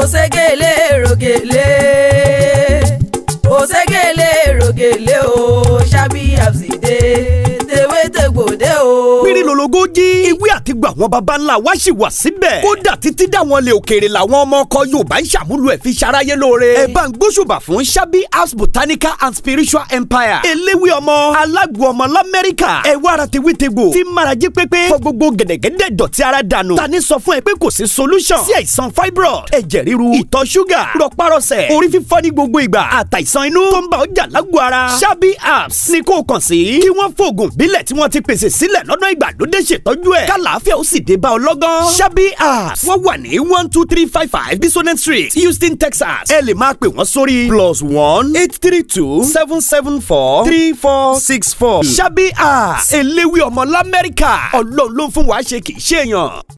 Osegele Rogele, Osegele Rogele, o ṣábíyàbí dé tewé tegbòdé o. pírí lòlógó jí ewé àtìgbà àwọn baba ńlá wa ṣì wà síbẹ̀. kódà títí dáwọn lè òkèèrè làwọn ọmọ ọkọ yorùbá ń ṣàmúlò ẹ̀ fi ṣaráyé lóore. ẹ bá ń gbóṣùbà fún ṣábí house botanical and spiritual empire. eléwé ọmọ alágbo ọmọ lamẹ́ríkà. ẹ wá ara tewé tegbò tí marajé pépé fọ gbogbo gẹ̀dẹ̀gẹ̀dẹ̀ dọ̀tí ara dànù. ta ni sọ fún ẹ pé kò sí solution sí àìsàn fibroid ẹ̀jẹ̀ ríru ìtọ̀ ṣúgà rọpárọsẹ̀ orí fífọ́ ní gbogbo ìgbà àtàìsàn inú tó ń bá ọjà lágbo ara. ṣábí apps ni kò kàn sí kí wọ́n fòògùn bílẹ̀ tí wọ́n ti pèsè sílẹ̀ lọ́nà ìgbàlódé ṣètọ́jú ẹ̀. kál kálàáfíà ó sì dé bá ọ lọ́gán. ṣábí apps wọ́n wà ní one two three five five bisonet street houston texas ẹ lè máa pè wọ́n sórí plus one eight three two seven seven four three four six four. ṣábí apps eléwé ọmọ lamẹ́ríkà ọlọ́run ló ń fún wa ṣe kì í ṣe èèyàn.